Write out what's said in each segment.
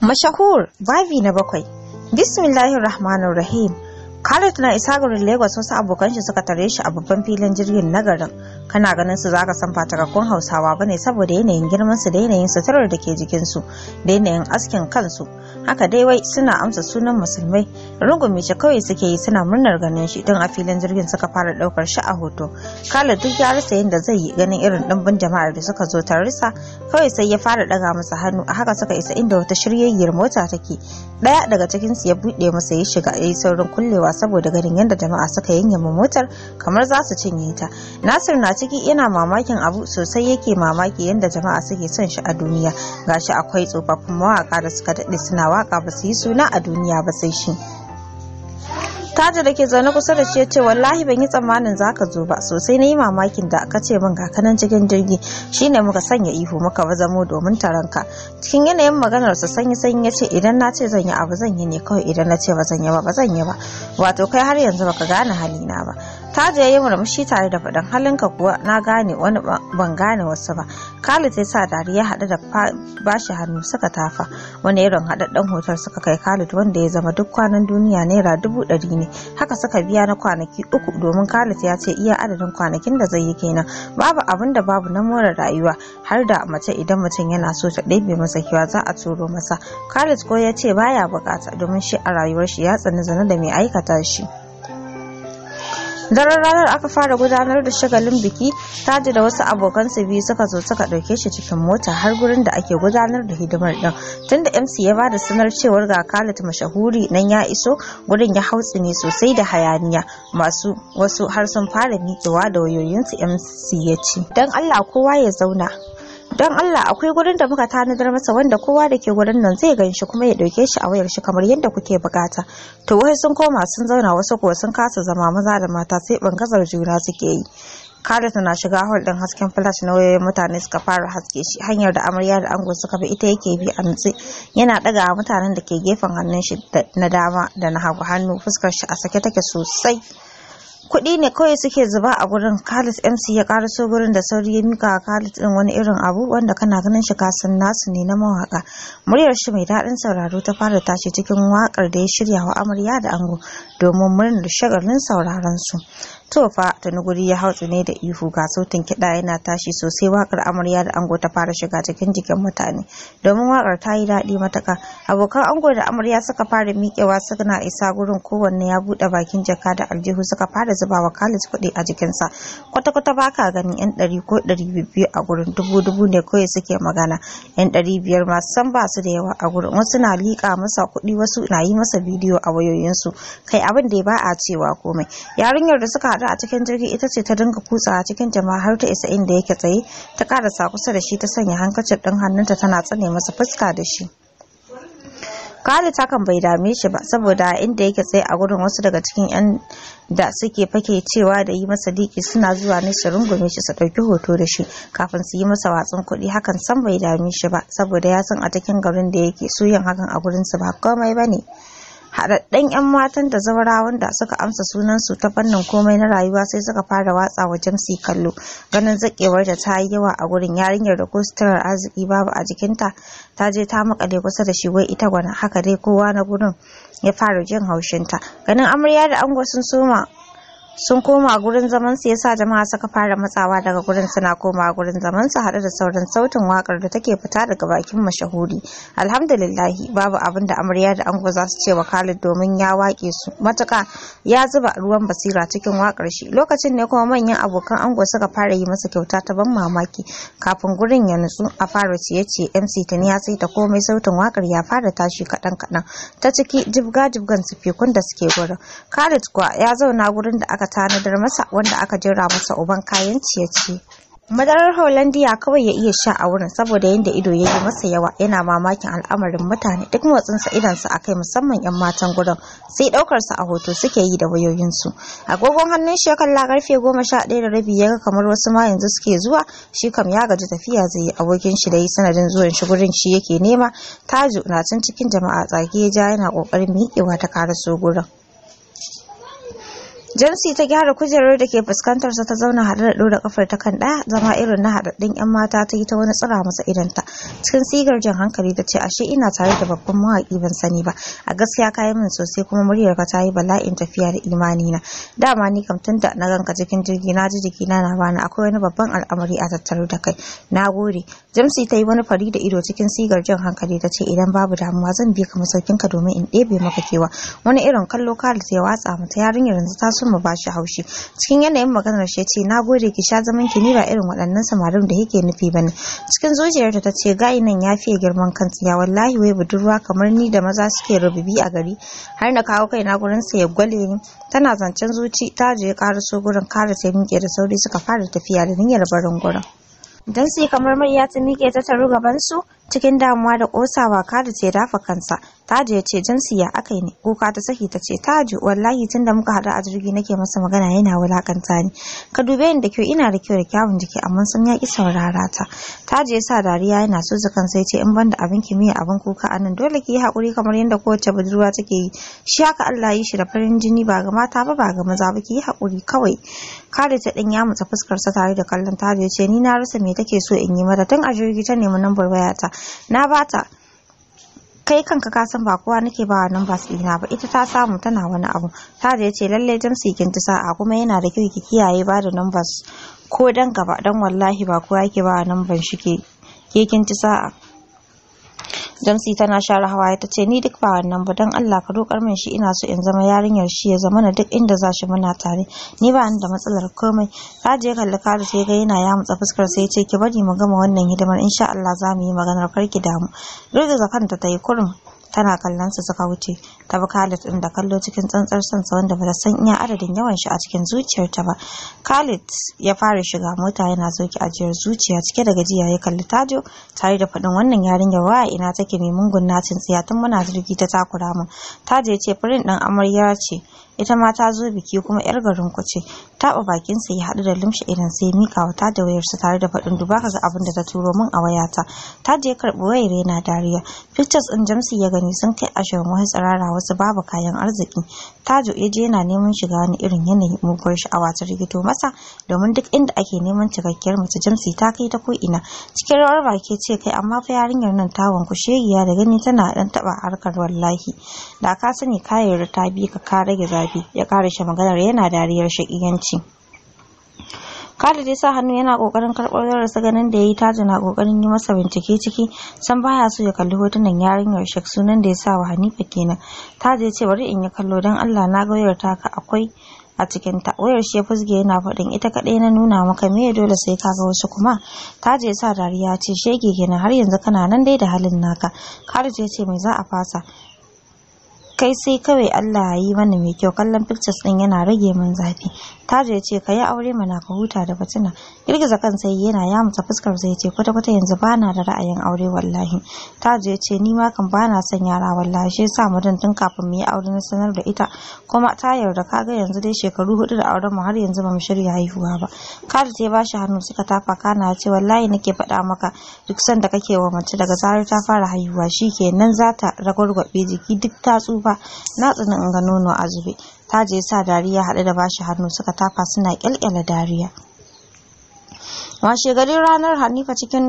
Mashahur babi na bakwai. Bismillahir Rahmanir Rahim. Khalid na isa garin Lagos wasu abokan shi suka tare shi a babban filin jirgin na garin. kana ganin su zaka san fatakakkun hausawa bane saboda yanayin girman su da yanayin suturar da ke jikin su da yanayin askin kansu haka dai wai suna amsa sunan musulmai rungume ce kawai suke yi suna murnar ganin shi don a filin jirgin suka fara daukar shi a hoto kala duk ya rasa yadda zai yi ganin irin dimbin jama'ar da suka zo tarisa kawai sai ya fara daga masa hannu a haka suka isa inda wata shiryayyar mota take daya daga cikin su ya buɗe masa ya shiga ya yi saurin kullewa saboda ganin yadda jama'a suka yanyama motar kamar za su cinye ta nasir na ciki yana mamakin abu sosai yake mamaki yadda jama'a suke son shi a duniya gashi akwai tsofaffin mawaka da suka daɗe suna waka ba su yi suna a duniya ba sai shi Taja da ke zaune kusa da shi ya ce wallahi ban yi tsammanin za ka zo ba sosai na yi mamakin da aka ce min kakanan cikin jirgi shine muka sanya ihu muka ba zamo domin taron ka. cikin yanayin maganar sa sanyi sanyi ya ce idan na ce zan yi abu zan yi ne kawai idan na ce ba zan yi ba ba zan yi ba wato kai har yanzu baka gane halina ba Saja ya yi murmushi tare da faɗin halinka kuwa na gane wani ban gane wasu ba. Khalid ya sa ya haɗe da bashi hannu suka tafa. Wani irin haɗaɗɗen hotel suka kai Khalid wanda ya zama duk kwanan duniya naira dubu ɗari ne. Haka suka biya na kwanaki uku domin Khalid ya ce iya adadin kwanakin da zai yi kenan. Babu abin da babu na more rayuwa har da mace idan mutum yana so ta ɗebe masa kiwa za a turo masa. Khalid ko ya ce baya bukata domin shi a rayuwar shi ya tsani zane da mai aikata shi. daren ranar aka fara gudanar da shagalin biki taji da wasu abokansa biyu suka zo suka ɗauke shi cikin mota har gurin da ake gudanar da hidimar ɗin tunda mc ya ba da sanar cewar ga khalid mashahuri nan ya iso gurin ya hautsi ne sosai da hayaniya masu wasu har sun fara miƙewa da wayoyinsu mc ya ce don allah kowa ya zauna don Allah akwai gurin da muka tanadar masa wanda kowa da ke gurin nan zai ganshi kuma ya ɗauke shi a wayar shi kamar yadda kuke bukata to wai sun koma sun zauna wasu kuwa sun kasa zama maza da mata sai bangazar juna suke yi Khalid na shiga hall din hasken flash na wayoyin mutane suka fara haske shi hanyar da amarya da ango suka bi ita yake bi a nutse yana daga mutanen da ke gefen hannun shi na dama da na hagu hannu fuskar shi a sake take sosai kuɗi ne kawai suke zuba a gurin khalid mc ya karaso gurin da sauri ya mika khalid din wani irin abu wanda kana ganin shi kasan nasu ne na mawaƙa muryar shi mai daɗin sauraro ta fara tashi cikin waƙar da ya shirya wa amarya da ango domin murnar shagalin sauraron su to fa Tanuguri ya hau ne da ihu ga sautin kiɗa yana tashi sosai wakar amarya da ango ta fara shiga cikin jikin mutane domin wakar ta yi daɗi matuka. abokan ango da amarya suka fara miƙewa suna isa gurin kowanne ya buɗe bakin jaka da aljihu suka fara zuba wa kalis kuɗi a jikin sa. kwata-kwata ba ka gani yan ɗari ko ɗari biyu a gurin dubu dubu ne kawai suke magana yan ɗari biyar ma san ba su da yawa a gurin wasu na liƙa masa kuɗi wasu na yi masa bidiyo a wayoyinsu kai abin da ya ba a cewa komai yarinyar da suka hadu a cikin jirgi ita ce ta dinga kutsa a cikin jama'a har ta isa inda yake tsaye ta karasa kusa da shi ta sanya hankacin ɗin hannunta tana tsane masa fuska da shi ta takan bai dame shi ba saboda inda yake tsaye a gurin wasu daga cikin 'yan da suke fake cewa da yi masa diki suna zuwa ne su rungume shi su ɗauki hoto da shi kafin su yi masa watsin kuɗi hakan san bai dame shi ba saboda ya san a cikin garin da yake su hakan a su ba komai ba ne. haɗaɗɗen 'yan matan da zaurawan da suka amsa sunansu ta fannin komai na rayuwa sai suka fara watsa wa jamsi kallo ganin zaƙewar da ta yi yawa a gurin yarinyar da ko suturar arziki babu a jikinta ta je ta makale kusa da shi wai ita gwana haka dai kowa na gurin ya fara jin haushinta ganin amarya da ango sun soma sun koma gurin zaman su yasa jama'a suka fara matsawa daga gurin suna koma gurin zaman su da sauran sautin wakar da take fita daga bakin mashahuri alhamdulillahi babu abin da amarya da ango za su ce wa Khalid domin ya wake su matuka ya zuba ruwan basira cikin wakar shi lokacin ne kuma manyan abokan ango suka fara yi masa kyauta ta ban mamaki kafin gurin ya nutsu a fara ciye ce MC ne ya sai ta komai sautin wakar ya fara tashi kaɗan kaɗan ta ciki jibga jibgan sufikun da suke gurin Khalid kuwa ya zauna gurin da aka tanadar masa wanda aka jira masa uban kayan ciye-ciye madarar hollandiya kawai ya iya sha a wurin saboda yadda ido ya yi masa yawa yana mamakin al'amarin mutane duk motsinsa idansa kai, musamman 'yan matan gurin, sai daukarsa a hoto suke yi da wayoyinsu agogon hannun shi ya kalla karfe goma sha ɗaya da rabi ya ga kamar wasu ma yanzu suke zuwa shi kam ya gaji tafiya zai yi abokin shi da yi sanadin zuwan shi gurin shi yake nema taju na cin cikin jama'a tsage ya ja yana ƙoƙarin miƙewa ta karaso gurin Jamsi ta gyara kujerar da ke fuskantarsa ta zauna haɗe da ɗora kafar ta kan ɗaya zama irin na haɗaɗɗun 'yan mata ta yi ta wani tsira masa idanta. cikin sigar jin hankali ta ce ashe ina tare da babban mawaƙi ban sani ba a gaskiya kayi min sosai kuma muryar ka ta yi bala'in tafiya da imani na dama ni kam tun da na ganka cikin jirgi na ji jikina na bani akwai wani babban al'amari a tattare da kai na gode jamsi ta yi wani fari da ido cikin sigar jin hankali ta ce idan babu damuwa zan bi ka ka domin in ɗebe maka kewa wani irin kallo kalis ya watsa mata yarinyar yanzu ta so mu bashi haushi cikin yanayin maganar shi ce na gode ki sha zaman ki ni ba irin waɗannan samarin da yake nufi bane cikin zuciyarta ta ce ce gayi nan ya fiye girman kan ya wallahi wai budurwa kamar ni da maza suke rububi a gari har na kawo kaina gurin sa ya gwale ni tana zancen zuci ta je so gurin kara sai miƙe da sauri suka fara tafiya da niyyar barin gurin dan sai kamar ya ta miƙe ta taru su cikin damuwa da ƙosawa kada ta dafa kansa Taji ya ce siya aka yi ne kuka ta saki ta ce Taji wallahi tun da muka haɗu a jirgi nake masa magana yana wulakanta ne. ka dube ni da kyau ina da kyau da kyawun jiki amma sun yaƙi saurara ta Taji ya sa dariya yana so zukan sai ce in banda abin kimiyya abin kuka a nan dole ki yi haƙuri kamar yadda kowace budurwa take yi shi haka Allah yi shi da farin jini ba ga mata ba ba ga maza ba ki yi haƙuri kawai kare ta ɗin ya mutsa fuskarsa tare da kallon Taji ya ce ni na rasa me take so in yi mata tun a jirgi ta nemi nambar wayata na bata kai kanka ka san ba kowa nake ba wannan su ina ba ita ta samu tana wani abu ta da yace lalle jamsi kin ta sa'a kuma yana da kyau ki kiyaye ba da numbers ko dan gaba dan wallahi ba kowa yake ba wannan ban shike ke kin ci sa'a Jamsi tana share hawaye ta ce ni duk ba wannan ba don Allah ka dokar min shi ina so in zama yarinyar shi ya zama na duk inda za shi muna tare ni ba da matsalar komai ka je kalli ka sai ga yana ya mutsa fuskar sai ce ki bari mu gama wannan hidimar insha Allah za mu yi maganar ki damu da kanta ta yi kurum tana kallon su suka wuce ta bi Khalid din da kallo cikin tsantsar sansa wanda ba ta san iya adadin yawan shi a cikin zuciyarta ba Khalid ya fara shiga mota yana zoki ajiyar zuciya cike da gajiya ya kalli Tajo tare da faɗin wannan yarinyar waya ina take mai mungun natin tsiya tun muna jirgi ta takura mun Tajo ya ce firin din amarya ce ita ma ta zo biki kuma yar garin ku ce taɓa bakinsa ya haɗu da limshi idan sai mika wa Tajo wayarsa tare da faɗin dubaka ga abin da ta turo mun a wayata Tajo ya karɓi wayar yana dariya Pictures ɗin Jamsi ya gani sun kai ashirin wasu tsirara wasu babu kayan arziki. Tajo ya je yana neman shiga wani irin yanayi muguwar sha'awa ta rigito masa domin duk inda ake neman cikakkiyar mace Jamsi ta kai ta ko'ina. Cikin rawar baki ce kai amma fa yarinyar nan ta wanku shegiya da gani tana ɗan taɓa harkar wallahi. Da ka sani kayayyar ta bi ka ka rage zafi ya ƙara shi maganar yana dariyar shaƙiyanci. Khalid ya sa hannu yana kokarin karɓar wayarsa ganin da yayi taji na kokarin yi masa bincike ciki san baya so ya kalli hotunan yarinyar Shek sunan da ya sa wa Hanifa kenan. Taji ya ce bari in yi kallo dan Allah na ga wayar taka akwai a cikin ta wayar shi ya fusge yana fadin ita kadai na nuna maka me ya dole sai ka ga wasu kuma taji ya sa dariya ce shege kenan har yanzu kana nan dai da halin naka Khalid ya ce me za a fasa kai sai kawai Allah ya yi mana mai kyau kallon pictures din yana rage min zafi taje ya ce ka yi aure mana ka huta da batuna girgiza kan sai yana ya mutu fuskar sai ce kwata kwata yanzu bana da ra'ayin aure wallahi taje ya ce ni ma kan bana son yara wallahi shi yasa mu tun kafin mu yi aure na sanar da ita kuma ta yarda kaga yanzu dai shekaru hudu da auren mu har yanzu ba mu shirya haihuwa ba kada ta shi hannu suka tafa kana ya ce wallahi nake faɗa maka duk sanda kake wa mace daga zarar ta fara haihuwa shikenan za ta ragwargwabe jiki duk ta tsufa ba na tsina in ga nono a zube ta je sa dariya haɗe da bashi hannu suka tafa suna kyalkyala dariya washe gari ranar hanifa cikin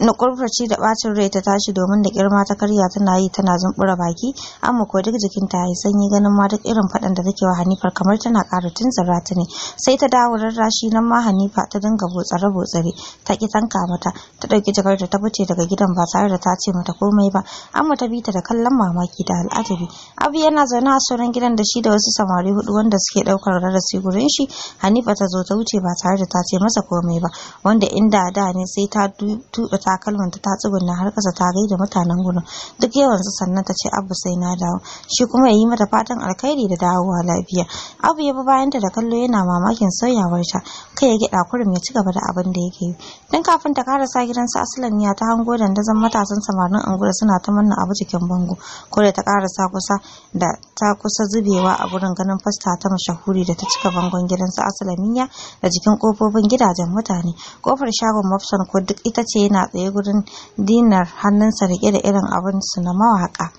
na kurfaci da ɓacin rai ta tashi domin da girma ta karya tana yi tana zumbura baki amma ko duk ta yi sanyi ganin ma duk irin fadan da take wa Hanifa kamar tana ƙara tun ta ne sai ta dawo rarrashi nan ma Hanifa ta dinga botsare botsare ta ki tanka mata ta dauki jakarta ta fice daga gidan ba tare da ta ce mata komai ba amma ta bi ta da kallon mamaki da al'ajabi abu yana zaune a sauran gidan da shi da wasu samari hudu wanda suke daukar rarrasi gurin shi Hanifa ta zo ta wuce ba tare da ta ce masa komai ba wanda inda da ne sai ta tuba takalmanta ta tsugunna har ƙasa ta gaida mutanen gurin duk yawansu sannan ta ce abu sai na dawo shi kuma ya yi mata fatan alkhairi da dawowa lafiya abu ya bi bayanta da kallo yana mamakin sauyawar ta kai ya gida kurum ya ci gaba da abin da yake yi Don kafin ta karasa gidansa asalan ya ta hango zan matasan samarin angula suna ta manna abu cikin bango ko da ta karasa kusa da ta kusa zubewa a gurin ganin fasta ta mashahuri da ta cika bangon gidansa asalamiya da jikin kofofin gidajen mutane kofar shagon mafsan ko duk ita ce yana tsaye tsaye gurin dinar hannunsa rike da irin abin su na mawaƙa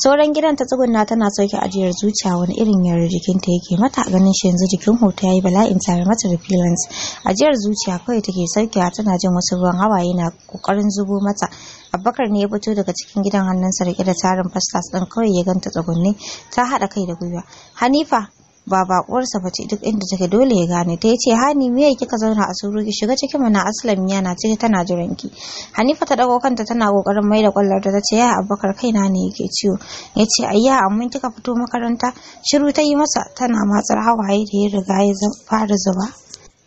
sauran gidan ta tsugunna tana sauke ajiyar zuciya wani irin yarar jikinta yake mata ganin shi yanzu jikin hoto ya yi bala'in tare mata da feelings ajiyar zuciya kawai take saukewa tana jin wasu ruwan hawaye na kokarin zubo mata abubakar ne ya fito daga cikin gidan hannunsa rike da tarin fastas ɗin kawai ya ganta tsugunne ta haɗa kai da gwiwa hanifa ba bakuwarsa ba ce duk inda take dole ya gane ta yace hani me kika zauna a suru ki shiga cikin mana aslam na, ciki tana jiran ki hanifa ta dago kanta tana kokarin mai da kwallar ta tace ya abubakar na ne yake ciwo yace ayya amma kika fito makaranta shiru ta yi masa tana matsar hawaye da ya riga ya fara zuba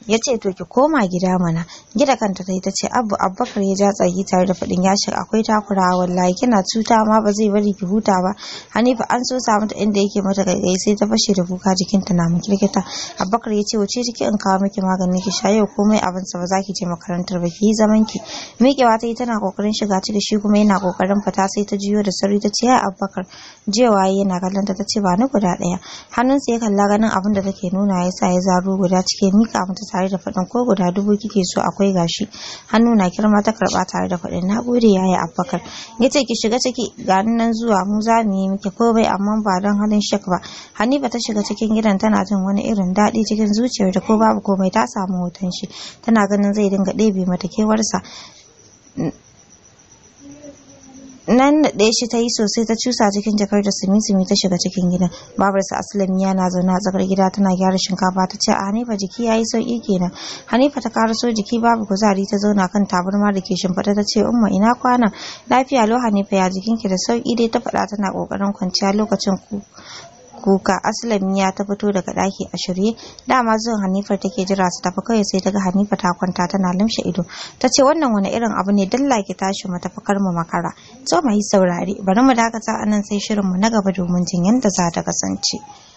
ya ce to ki koma gida mana gida kanta ta yi ta ce abu abubakar ya ja tsagi tare da faɗin yashin akwai takura wallahi kina cuta ma ba zai bari ki huta ba hanifa an so sa mata inda yake mata gaggai sai ta fashe da kuka jikinta na makirkita Abubakar ya ce wace ciki in kawo miki maganin ki sha yau komai sa ba za ki je makarantar ba ki yi zaman ki miƙewa ta yi tana kokarin shiga ciki shi kuma yana kokarin fata sai ta jiyo da sauri ta ce ya abubakar. je waye yana kallon ta ta ce ba ni guda ɗaya hannunsa ya kalla ganin abin da take nuna ya sa ya zaro guda cike mika mata tare da faɗin ko guda dubu kike so akwai gashi hannu na kirma ta karɓa tare da faɗin na gode yi abubakar ya ce ki shiga ciki ga nan zuwa mu za mu yi miki komai amma ba don halin shak ba ba ta shiga cikin gidan tana jin wani irin daɗi cikin zuciyar da ko babu komai ta samu hoton shi tana ganin zai dinga ɗebe mata kewarsa nan da ɗaya shi ta yi sosai ta cusa cikin jakar da sumi-sumi ta shiga cikin gidan babarsa aslamiya na zaune a tsakar gida tana gyara shinkafa ta ce a hanifa jiki ya yi sauki kenan hanifa ta karaso jiki babu kuzari ta zauna kan tabarma da ke shimfiɗa ta ce umma ina kwana lafiya lo hanifa ya jikinki da sauki dai ta faɗa tana ƙoƙarin kwanciya lokacin ku kuka ya ta fito daga daki a shirye dama zuwan hanifar take jira su tafi kawai sai daga hanifa ta kwanta tana limshe ido ta ce wannan wani irin abu ne dalla ki tashi mu tafi kar mu makara to mai saurare bari mu dakata anan sai shirin mu na gaba domin jin yadda za ta kasance